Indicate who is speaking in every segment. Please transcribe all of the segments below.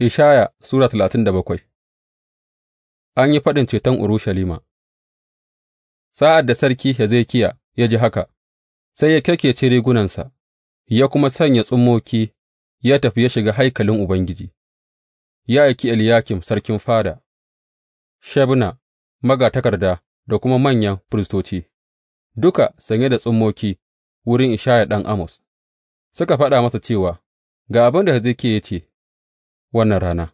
Speaker 1: Ishaya Sura talatin da bakwai An yi faɗin ceton Urushalima Sa'ad da Sarki Hezekiya ya ji haka, sai ya kyakkece rigunansa, ya kuma sanya tsummoki ya tafi ya shiga haikalin Ubangiji, ya aiki Eliyakim sarkin fada, Shebna magatakarda da kuma manyan firistoci, duka sanye da tsummoki wurin Ishaya ɗan Amos, suka faɗa masa cewa, Ga abin da Hezekiya ya ce. wannan rana,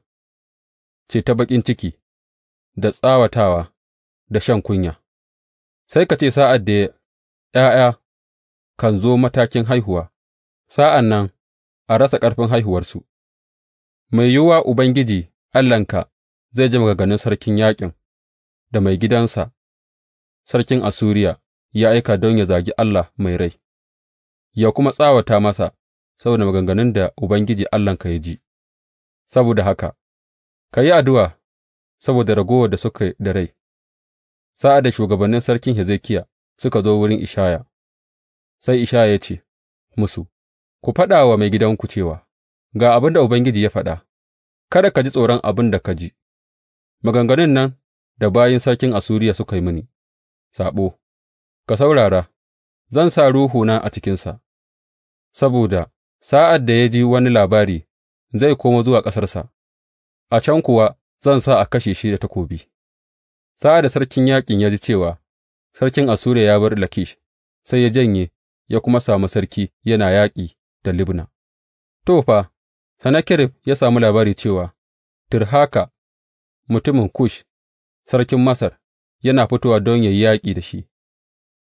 Speaker 1: ce ta baƙin ciki, da tsawatawa, da shan kunya, sai ka ce sa'ad da ’ya'ya kan zo matakin haihuwa, sa'an nan a rasa ƙarfin haihuwarsu, mai yiwuwa Ubangiji Allahnka zai ji maganganun sarkin yaƙin da mai gidansa, sarkin Assuriya, ya aika don ya zagi Allah mai rai, ya kuma tsawata masa saboda maganganun da Ubangiji Allahnka ya ji. Saboda haka, ka yi addu'a saboda ragowar da suka da rai, sa'ad da shugabannin sarkin Hezekiya suka zo wurin Ishaya, sai Ishaya ya ce musu, Ku faɗa wa maigidanku cewa, Ga abin da Ubangiji ya faɗa, kada ka ji tsoron abin da ka ji, maganganun nan da bayin sarkin Asuriya suka yi mini, saɓo, ka saurara, zan sa ruhuna a cikinsa, saboda sa'ad da ya ji wani labari zai komo zuwa ƙasarsa, a can kuwa zan sa a kashe shi da takobi. Sa'ad da sarkin yaƙin ya ji cewa sarkin Assuriya ya bar Lakish, sai ya janye ya kuma sami sarki yana yaƙi da Libna. To, fa, Sennakerib ya sami labari cewa Tirhaka mutumin Kush, sarkin Masar, yana fitowa don ya yi yaƙi da shi.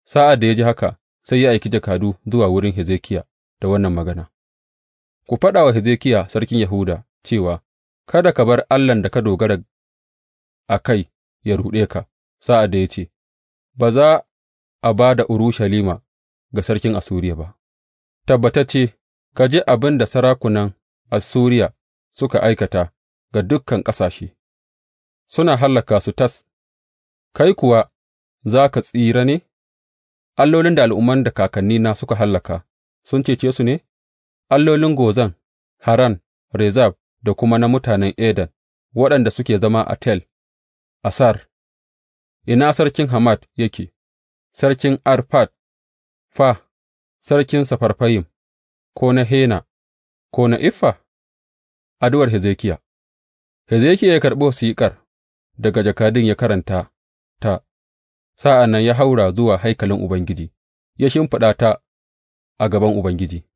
Speaker 1: Sa'ad da ya ji haka, sai ya aiki jakadu zuwa wurin Hezekiya da wannan magana. Ku faɗa wa Hezekiya sarkin Yahuda cewa, Kada ka bar allahn da ka dogara a kai ya ruɗe ka sa'ad da ya ce, Ba za a ba da Urushalima ga sarkin Assuriya ba, tabbatacce ka je abin da sarakunan Assuriya suka aikata ga dukan ƙasashe, suna hallaka su tas, kai kuwa za ka tsira ne? Allolin da al'umman da kakannina suka hallaka sun cece su ne? allolin Gozan, Haran, Rezab da kuma na mutanen Eden waɗanda suke zama a Tel Asar, ina sarkin hamad yake, sarkin Arfad, fa, sarkin Safarfayim, ko na Hena, ko na Iffa? Addu'ar Hezekiya Hezekiya ya karɓi wasiƙar daga jakadun ya karanta ta, sa'an nan ya haura zuwa haikalin Ubangiji, ya shimfiɗa ta a gaban Ubangiji.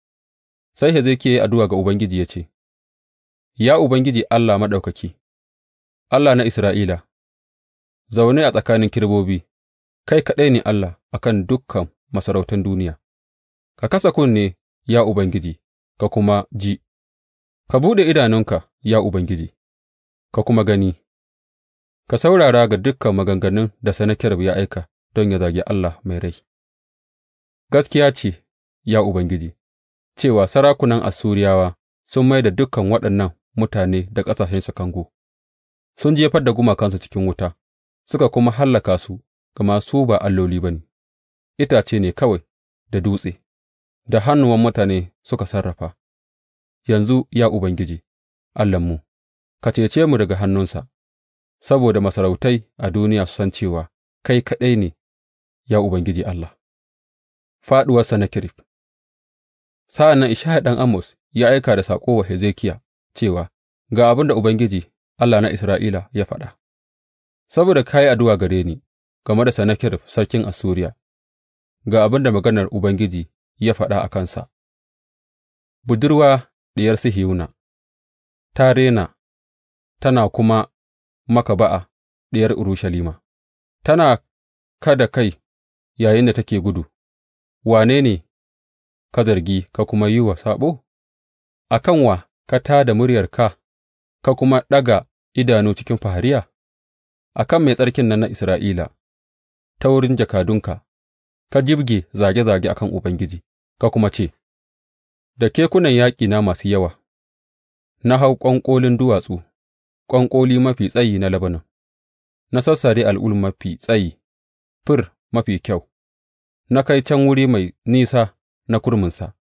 Speaker 1: Sai Hezekiya ya yi addu'a ga Ubangiji ya ce, Ya Ubangiji Allah Maɗaukaki, Allah na Isra'ila, zaune a tsakanin kirbobi kai kaɗai ne Allah a kan dukan masarautan duniya, ka kasa kunne, ya Ubangiji, ka kuma ji, ka buɗe idanunka, ya Ubangiji, ka kuma gani, ka saurara ga dukan maganganun da Sennakerib ya aika don ya zagi Allah mai rai. Gaskiya ce, ya Ubangiji, cewa sarakunan Assuriyawa sun mai da dukan waɗannan mutane da ƙasashensu kango; sun jefar da gumakansu cikin wuta suka kuma hallaka su, gama su ba alloli ba ne, itace ne kawai da dutse, da hannuwan mutane suka sarrafa, yanzu, ya Ubangiji Allahnmu, ka cece mu daga hannunsa, saboda masarautai a duniya su san cewa kai kaɗai ne, ya Ubangiji Allah. Faɗuwar sani-kirif. Sa'an nan Ishaya ɗan Amos ya aika da saƙo wa Hezekiya cewa, Ga abin da Ubangiji, Allah na Isra'ila, ya faɗa, Saboda ka yi addu'a gare ni game da Sennakerib sarkin Assuriya, ga abin da maganar Ubangiji ya faɗa a kansa, budurwa ɗiyar Sihiyuna, ta rena, tana kuma maka ba'a diyar Urushalima, tana kada kai yayin da take gudu, wane ne ka zargi ka kuma yi wa saɓo? A kan wa ka tā da muryarka ka kuma ɗaga idanu cikin fahariya? A kan Mai Tsarkin nan na Isra'ila, ta wurin jakadunka, ka jibge zage-zage a kan Ubangiji, ka kuma ce, Da kekunan yaƙina masu yawa, na hau ƙwanƙolin duwatsu, ƙwanƙoli mafi tsayi na Lebanon, na sassare al'ul mafi tsayi, fir mafi kyau, na kai can wuri mai nisa na kurminsa,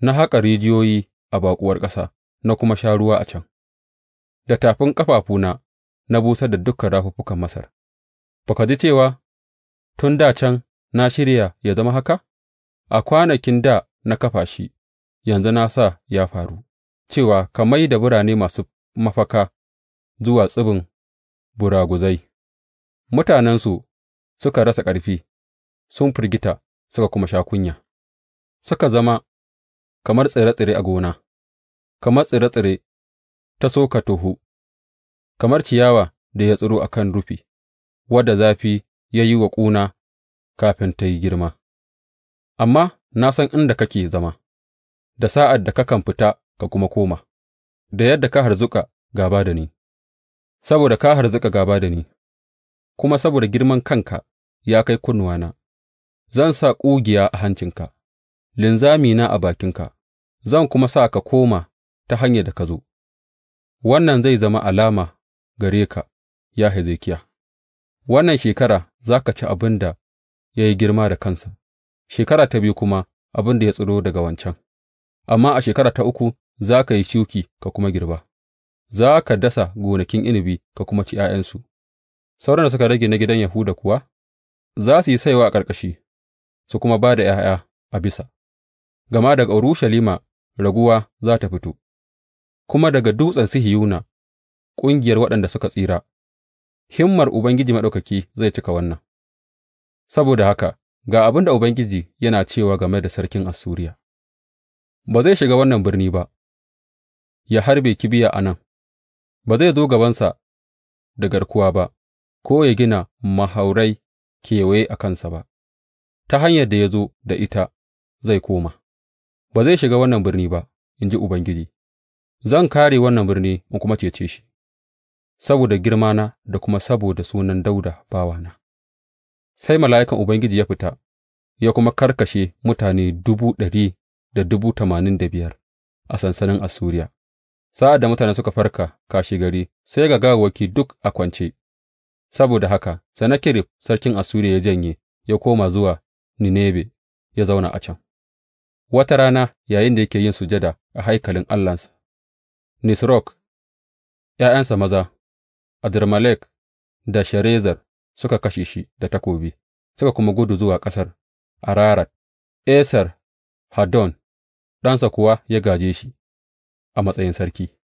Speaker 1: na haƙa rijiyoyi a baƙuwar ƙasa na kuma sha ruwa a can, da tafin ƙafafuna na busar da dukan rafuffukan Masar, ba ka ji cewa tun da can na shirya ya zama haka? A kwanakin da na kafa shi, yanzu na sa ya faru, cewa ka mai da birane masu mafaka zuwa tsibin buraguzai, mutanensu suka rasa ƙarfi, sun firgita suka kuma sha kunya. suka zama kamar tsire tsire a gona, kamar tsire tsire ta soka tohu, kamar ciyawa da ya tsiro a kan rufi, wadda zafi ya yi wa ƙuna kafin ta yi girma. Amma na san inda kake zama, da sa'ad da kakan fita ka kuma koma, da yadda ka harzuƙa gāba da ni, saboda ka harzuka gaba da ni, kuma saboda girman kanka ya kai kunnuwana, zan sa ƙugiya a hancinka. Linzami na a bakinka, zan kuma sa ka koma ta hanyar da ka zo, wannan zai zama alama gare ka, ya Hezekiya, wannan shekara za ka ci abin da ya yi girma da kansa, shekara ta biyu kuma abin da ya tsiro daga wancan, amma a shekara ta uku za ka yi shuki ka kuma girba, za ka dasa gonakin inibi ka kuma ci ’ya'yansu, sauran da suka rage na gidan Yahuda kuwa za su yi saiwa a ƙarƙashi, su kuma ba da ’ya'ya a bisa. gama daga Urushalima raguwa za tă fito, kuma daga Dutsen sihiyuna ƙungiyar waɗanda suka tsira; himmar Ubangiji Maɗaukaki zai cika wannan, saboda haka ga abin da Ubangiji yana cewa game da sarkin Assuriya, Ba zai shiga wannan birni ba, ya harbe kibiya a nan, ba zai zo gabansa da garkuwa ba, ko ya gina mahaurai kewaye a kansa ba; ta hanyar da ya zo da ita zai koma. Ba zai shiga wannan birni ba, in ji Ubangiji; zan kāre wannan birni in kuma cece shi saboda girmana da kuma saboda sunan Dawuda bawana.’ Sai mala'ikan Ubangiji ya fita ya kuma karkashe mutane dubu ɗari da dubu tamanin da biyar a sansanin Assuriya, sa'ad da mutane suka farka kashi gari, sai ga gawaki duk a kwance, saboda haka sanakirif sarkin Assuriya ya janye ya koma zuwa Ninebe ya zauna a can. Wata rana yayinda yake yin sujada a haikalin allahnsa Nisrok, ’ya'yansa maza, Adramalek da Sharezer suka kashe shi da takobi, suka kuma gudu zuwa ƙasar Ararat, Esar Haddon ɗansa kuwa ya gaje shi a matsayin sarki.